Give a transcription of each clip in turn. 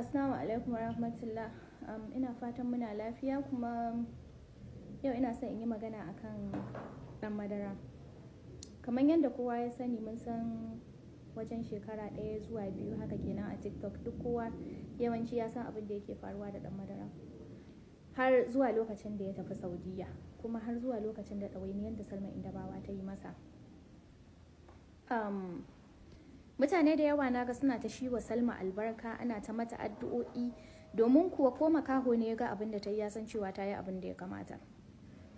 Assalamu alaikum warahmatullah um, ina fatan muna lafiya kuma yau ina son in yi magana akan ɗan madara kamar yadda kowa ya sani mun san wajen shekara ɗaya zuwa biyu haka kenan a tiktok duk kowa yawanci ya san abin da yake faruwa da ɗan madara har zuwa lokacin da ya tafi saudiya kuma har zuwa lokacin da ɗawainiyar da salma inda bawa ta yi masa um, mutane da yawa naga suna ta shi wa salma albarka ana ta mata addu'o'i domin kuwa ko makaho ne ya ga abin da ta yi ya san cewa ta yi abin da ya kamata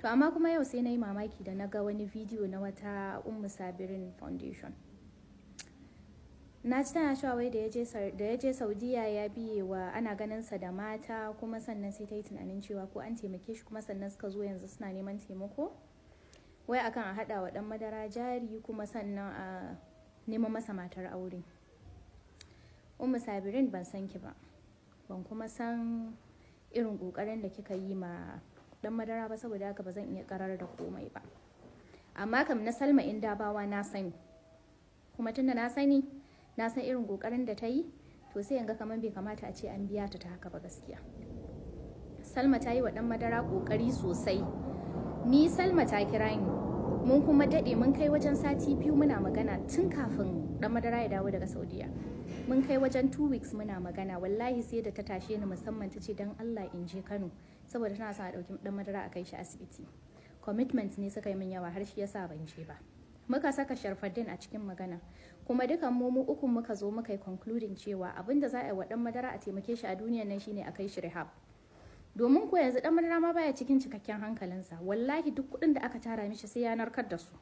to amma kuma yau sai na yi mamaki da na ga wani bidiyo na wata ummu sabirin foundation na ci tana cewa wai da ya je saudiya ya biye wa ana ganin sa da mata kuma sannan sai ta yi tunanin cewa ko an taimake shi kuma sannan suka zo yanzu suna neman taimako wai akan a hada wa ɗan madara jari kuma sannan a neman masa matar aure umu sabirin ban san ki ba ban kuma san irin kokarin da kika yi ma dan madara ba saboda haka ba zan iya karar da komai ba amma kam na salma in bawa na sani kuma tunda na sani na san irin kokarin da ta yi to sai in ga kamar bai kamata a ce an biya ta ta haka ba gaskiya salma ta yi wa dan madara kokari sosai ni salma ta kira ni mun kuma daɗe mun kai wajen sati biyu muna magana tun kafin dan madara ya dawo daga saudiya mun kai wajen two weeks muna magana wallahi sai da ta tashe ni musamman ta ce dan allah in je kano saboda tana sa a ɗauki dan madara a kai shi asibiti Commitment ne suka yi min yawa har shi yasa ban je ba muka saka sharfaddin a cikin magana kuma dukan mu uku muka zo muka yi concluding cewa abinda za a yi wa dan madara a taimake shi a duniyan nan shine a kai shi rehab domin ko yanzu dan madara baya cikin cikakken hankalinsa wallahi duk kudin da aka tara mishi sai ya narkar da su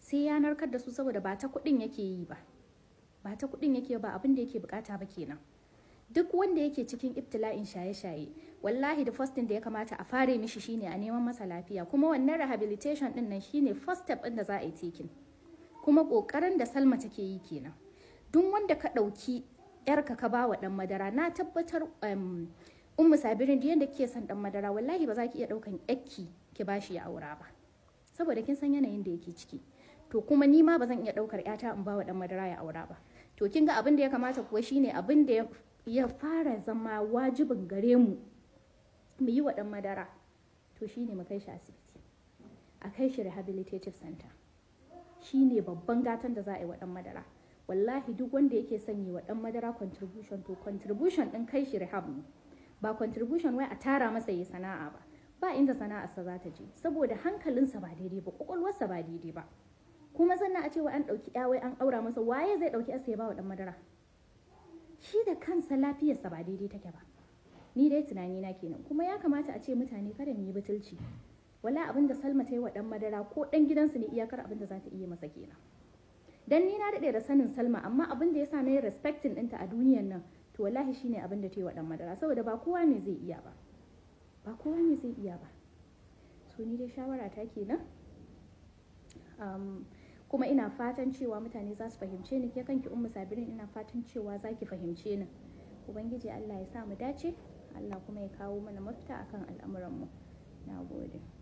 sai ya narkar da su saboda ba ta kudin yake yi ba ba ta kudin yake ba abin da yake bukata ba kenan duk wanda yake cikin ibtila'in shaye-shaye wallahi da first da ya kamata a fare mishi shine a neman masa lafiya kuma wannan rehabilitation din nan shine first step din da za a yi cikin. kuma kokarin da Salma take yi kenan duk wanda ka ɗauki yarka ka ba wa ɗan madara na tabbatar ummu sabirin da yadda kike son dan madara wallahi ba za ki iya daukan yakki ki bashi ya aura ba saboda kin san yanayin da yake ciki to kuma ni ma ba zan iya daukar yata in ba wa dan madara ya aura ba to kin ga abin da ya kamata kuwa shine abin da ya fara zama wajibin gare mu mu yi wa dan madara to shine mu kai shi asibiti a kai shi rehabilitative center shine babban gatan da za a yi wa dan madara wallahi duk wanda yake yi wa dan madara contribution to contribution din kai shi rehab ne ba contribution wai a tara masa yi sana'a ba ba inda sana'arsa za ta je saboda hankalinsa ba daidai ba kwakwalwarsa ba daidai ba kuma sannan a ce wai an ɗauki ya wai an aura masa waye zai ɗauki asa ya ba wa ɗan madara shi da kansa lafiyarsa ba daidai take ba ni dai tunani na kenan kuma ya kamata a ce mutane kada mu yi butulci wala abin da Salma ta yi wa ɗan madara ko ɗan gidansu ne iyakar abin da za ta iya masa kenan dan ni na daɗe da sanin Salma amma abin da yasa na yi respecting ɗinta a duniyar nan to wallahi shine abin da ta yi wa dan madara saboda ba kowa ne zai iya ba ba kowa ne zai iya ba so ni dai shawara ta kenan um, kuma ina fatan cewa mutane za su fahimce ni ke kanki ummu sabirin ina fatan cewa za ki fahimce ni ubangiji allah ya sa mu dace allah kuma ya kawo mana mafita akan al'amuran mu na gode